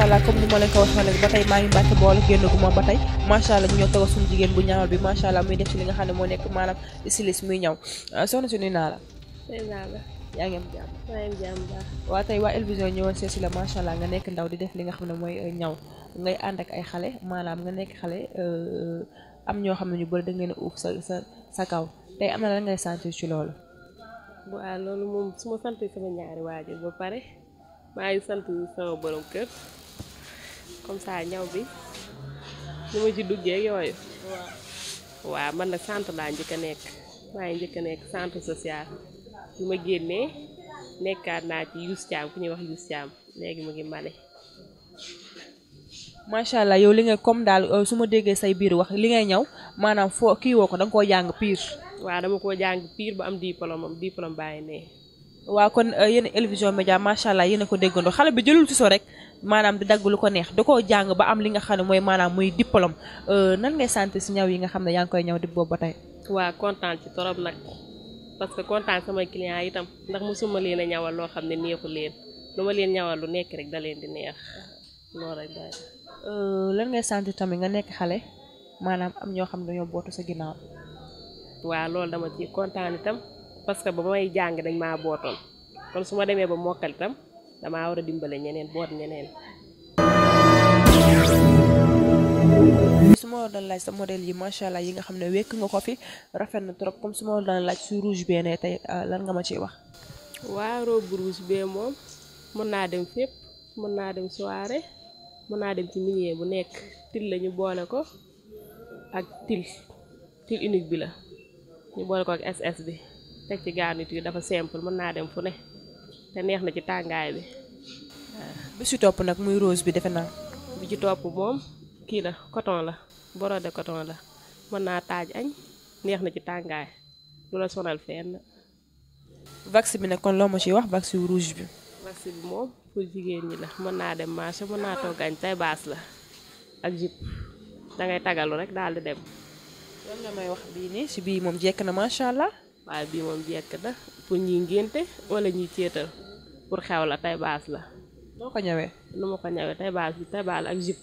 macha allah comme ni ma leen ko waxee rek ba tey maa ngi mbàkk boole génn gu ma ba tey macha allah ñu ñëw toog suñu jigéen bu ñaawal bi macha allah muy def ci li nga xam ne moo nekk maanaam stylis muy ñaw ah, soxna si nuyu naa la. nuyu naa la. yaa ngi am jàmm. maa ngi am jàmm baax. waa tey waa El Vision ñëwoon seesi la macha allah nga nekk ndaw di def li nga xam ne mooy euh, ñaw ngay ànd ak ay xale maanaam nga nekk xale euh, am ñoo xam ne ñu bëri da ngeen a uuf sa sa sa kaw tey am na lan ngay sentir ci loolu. waaw loolu moom su ma sant sama ñaari waajur ba pare maa ngi sant sama borom kër comme saa ñaw bi nu ma ci duggee yooyu waaw man nag centre laa njëkk a nekk maa ngi njëkk a nekk sant social bi ma génnee nekkaat naa ci Youssou Thiam ku ñuy wax Youssou Thiam léegi mu ngi mane macha allah yow li nga comme daal euh, su ma déggee say biir wax li ngay ñaw maanaam foo kii woo ko da koo jàng piir waa dama koo jàng piir ba am diplôme am diplôme bàyyi nee waaw kon euh, yéen El Vision Médias macha allah yéen ko déggandoo xale bi jëlul ci so rek maanaam di dagg lu ko neex da koo jàng ba am li nga xam ne mooy maanaam muy diplôme euh, nan ngay sant si ñaw yi nga xam ne yaa ngi koy ñaw di boobu ba tey. waa kontaan ci nag parce que kontaan sama client itam ndax mosuma leen a ñawal loo xam ne neexu leen lu ma leen ñawal lu nekk rek da leen di neex loolu rek euh, lan ngay santi tamit nga nekk xale maanaam am ñoo xam ne dañoo bootu sa ginnaaw. waa loolu dama ci kontaan itam. parce que bamay jang dañ ma botol kon suma démé ba mokal tam dama wara dimbalé dimbale ñeneen boot ñeneen su ma doon laaj sa model yi machallah yi nga xamné wék nga ko fi rafet na trop comme suma ma doon laaj su rouge bee né tay ah, lan nga ma ci wax wa robe rouge bee mom mën na dem fep mën na dem soirée mën na dem ci minier bu nek til lañu bolé ko ak til til unique bi la ñu bolé ko ak ss bi tek ci garniture yi dafa simple mën naa dem fu ne te neex na ci tàngaay bi bi si topp nag muy rose bi defe naa bi ci topp moom kii la coton la borode coton la mën naa taaj añ neex na ci tàngaay du la sonal fenn vax bi nag kon loo ma ciy wax vax rouge bi vax bi moom pour jigéen ñi la mën naa dem marché mën naa togg añ tay baas la ak jip da ngay tagalu rek daal di dem lan nga may wax bii nii si bii moom jekk na macha allah waaye bii moom jekk na pour ñi ngénte wala ñi céetal pour xew la tay baas la noo ko ñawee nu ma ko ñawee tay bi tay ak jup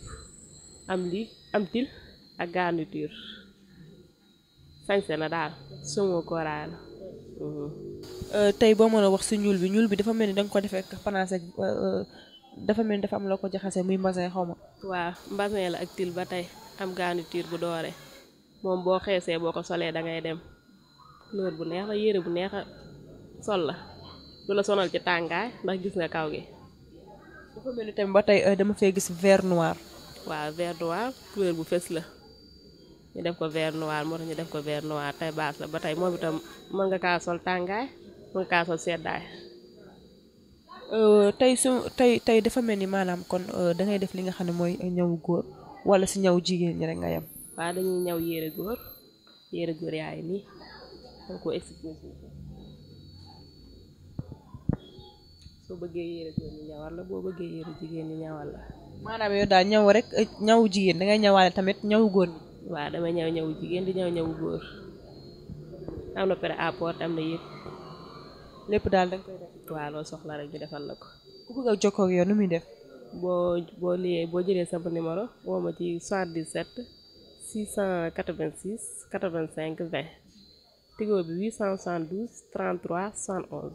am li am til ak garniture sañse na daal sumo koraay la mm-hmm. euh, tey boo mën a wax si ñuul bi ñuul bi dafa mel ni danga ko defee panace euh, euh, dafa mel ni dafa am la ko jaxase muy mbasin xaw ma waaw mbasin la ak til ba tey am garniture bu doore moom boo xeesee boo ko solee da dem couleur bu neex la yére bu neex a sol la du la sonal ci tàngaay ndax gis nga kaw gi. dafa mel ni tamit ba tey euh, dama fee gis vert noir. waaw vert noir couleur bu fës la ñu def ko vert noir moo tax ñu def ko vert noir tey baas la ba tey moom itam mën nga kaa sol tàngaay mën nga kaa sol seddaay. Euh, tey su tey tey dafa mel ni maanaam kon euh, da ngay def li nga xam ne mooy ñaw góor wala si ñaw jigéen ñi rek nga yem. waaw dañuy ñaw yére góor yére góor yaay nii. हमको excuse कीजिए soo bëggee yére góor ñi ñawal la boo bëggee yére jigéen ñi ñawal la maanaam yow daal ñaw rek ñaw jigéen da nyawa ñawaale tamit ñaw góor ñi waaw dama ñaw di ñaw ñaw góor am na pere apport am na yëpp lépp daal da nga koy def waaw loo soxla rek ñu defal la ko ku bëgg a jokkoo ak yow nu muy def boo boo liyee boo 686 85 20 Tigo bi 872 33 71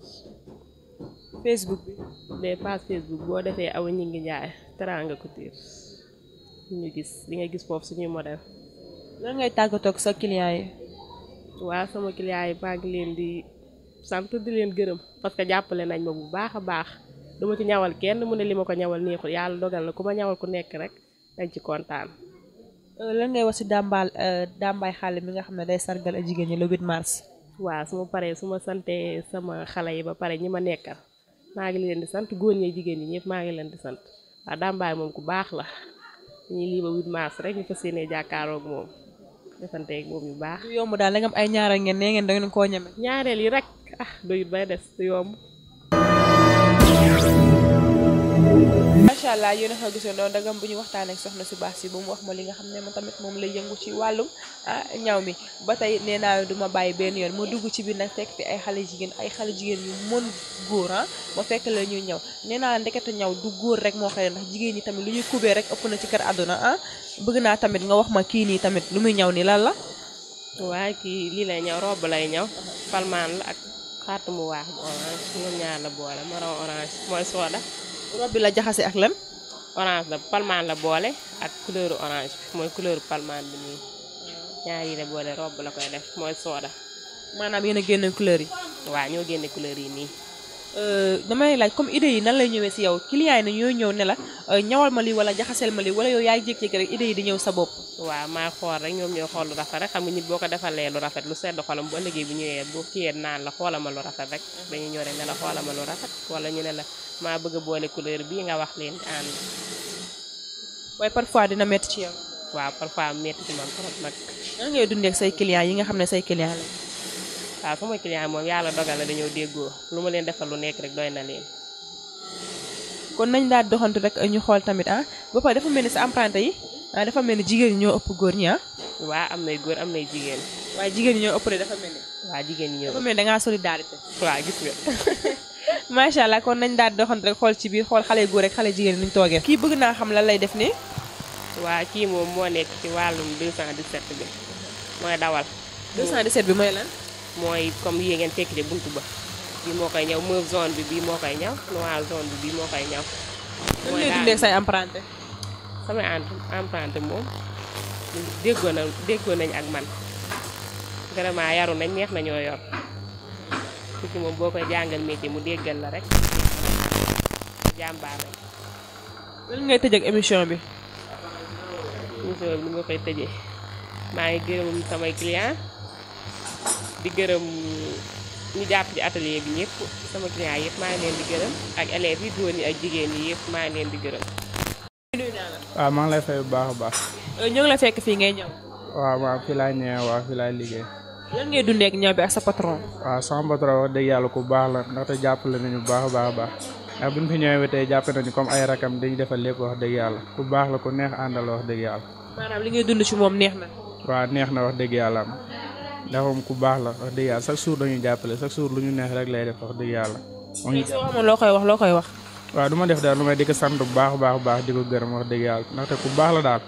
Facebook bi des page Facebook bo defé aw ñi ngi ñaay jaay ko couture ñu gis li nga gis fofu suñu model lan ngay tàggatoog sa client yi wa sama client yi maa ngi leen di sant di leen gërëm parce que jappalé nañ ma bu baaxa baax duma ci ñawal kenn mu ne li ma ko ñawal neexul yàlla dogal na kuma ñawal ku nekk rek dañ ci contane Eh, lan ngay wax ci dàmbaal eh, dàmbaay xale mi nga xam ne day sargal ak jigéen ñi le 8 mars waaw su ma paree su sama xale yi ba pare ñi ma nekkal maa ngi leen di sant góor ñi jigéen ñi ñëpp maa ngi leen di sant waaw dàmbaay moom ku baax la ñi lii ba 8 mars rek ñu fas yéenee jàkkaaroog moom defanteeg moom yu baax yomb daal da nga am ay ñaareel ngeen nee ngeen da ngeen koo ñeme ñaareel yi rek ah doyut bay des yomb inshallah yone yéen a ko gisandoo ndagam bu waxtaan ak soxna su baax si bu mu wax mo li nga xamne mo tamit mom lay yëngu ci walum ah, ñaaw mi Batay neena duma naa du ma bàyyi benn yoon mo dugg ci bi nak fekk fi ay xalé jigen ay xalé jigen yu mon goor ha ah, mo fekk la ñu ñaw neena ndekete ñaw du goor rek mo xale ndax jigen ñi tamit lu ñuy rek ëpp na ci kër aduna ha ah. bëgg naa tamit nga wax ma ki ni tamit lu muy ñaw ni la la. waaye ki li lay ñaw robe lay ñaw palman la ak xaatu mu waax ñaar la boole maro orange moy soda robe bi la jaxase ak lan. orange la palmaan la boole ak couleur orange mooy couleur palmaan bi nii ñaar yi la boole robe la koy def mooy sooda. maanaam yéen a génne couleur yi. waa ñoo génne couleur yi nii. Euh, damay laaj comme idée yi nan lay ñëwee si yow client yi na ñooy ñëw ne la euh, ñawal ma li wala jaxaseel ma lii wala yow yaay jékki-jékki rek idée yi di ñëw sa bopp waaw maa xool rek ñoom ñooy xool lu rafet rek xam nga nit boo ko defalee lu rafet lu sedd xolam bu ëllëgee bu ñëwee bu kiyee naan la xoolama lu rafet rek dañu ñëw rek ne la xoolama lu rafet wala ñu ne la maa bëgg boole couleur bii nga wax leen ànd waaye parfois dina metti ci yow waa parfois métti ci man trop nag nan ngay dundee say client yi nga xam ne say client waaw sama client moom yàlla dogal na dañoo déggoo lu ma leen defal lu nekk rek doy na leen. kon nañ daal doxantu rek ñu xool tamit ah ba pare dafa mel ni sa emprunté yi ah dafa mel ni jigéen ñoo ëpp góor ñi ah. am nay góor am nay jigéen. waaye jigéen ñoo ëpp de dafa mel ni. da ngaa solidarité. waaw gis nga. macha allah kon nañ daal doxantu rek xool ci biir xool góor rek xale jigéen niñ toogee. kii bëgg naa xam lan lay def nii. waa kii moom moo nekk ci wàllum 217 bi mooy dawal. 217 bi mooy lan. mooy comme yi ngeen fekk de buntu ba bii moo koy ñaw mauve zone bi bii moo koy ñaw noir zone bi bii moo koy ñaw. mooy daal dundee say emprunté. samay emprunté moom déggoo na déggoo nañ ak man vraiment yaru nañ neex nañoo yor tukki moom boo koy jàngal métier mu déggal la rek jàmbaar rek. lan ngay tëj ak émission bi. émission bi ni ma koy tëjee maa ngi gërëm samay client di gërëm ñu jàpp ci atelier bi ñëpp sama client yëpp maa ngi leen di gërëm ak élèves yi góor ñi ak jigéen ñi yëpp maa ngi leen di gërëm. Ah, maa ngi lay fay baax a baax. Euh, ñu ngi la fekk fii ngay ñëw. waaw waaw fii laay liggéey. lan ngay dundee ak ñëw sa patron. waaw ah, sama yàlla ku baax la ndaxte jàppale nañu bu baax a baax a ah, bu ñu fi ñëwee tey ay rakam dañu defal lépp wax dëgg yàlla ku baax la ku neex àndal wax dëgg yàlla. moom neex na. waaw neex na wax dëgg yàlla am dafa ku baax la wax deug yalla chaque jour dañuy jàppale chaque jour luñu neex rek lay def wax deug yalla on ngi soo amoon loo koy wax lo koy wax. wa duma def daal lu may di sant bu baax baax baax diko ko gërëm wax yalla nak te ku baax la dal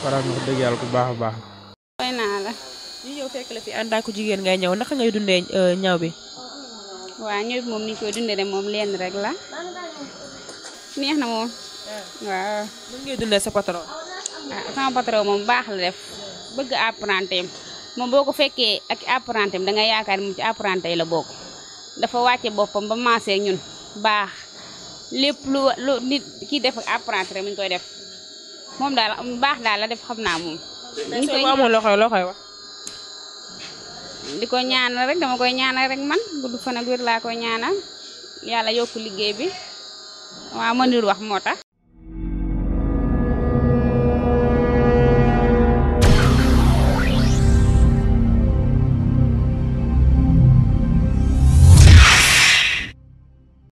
para wax deug yalla ku baax a baax. fay la. ñu ñëw fekk la fi anda ku jigen ngay ñew nak ngay dundé euh, ñaw bi. wa ñëw mom ni ko dundé dem mom lén rek la. neex na moom. Ah. wa mën ngay dundé sa patron. Ah, sama patron mom baax la def bëgg apprendre moom boo ko fekkee ak apprenti am da nga yaakaar moom ci apprenti yi la bokk dafa wàcce boppam ba maasee ñun baax lépp lu lu nit ki def ak apprenti rek mi koy def moom daal baax daal la def xam naa moom. ñu koy loo koy wax. di ko ñaanal rek dama koy ñaanal rek man gudd fan ak wér laa koy ñaanal yàlla yokk liggéey bi waaw mënul wax moo tax.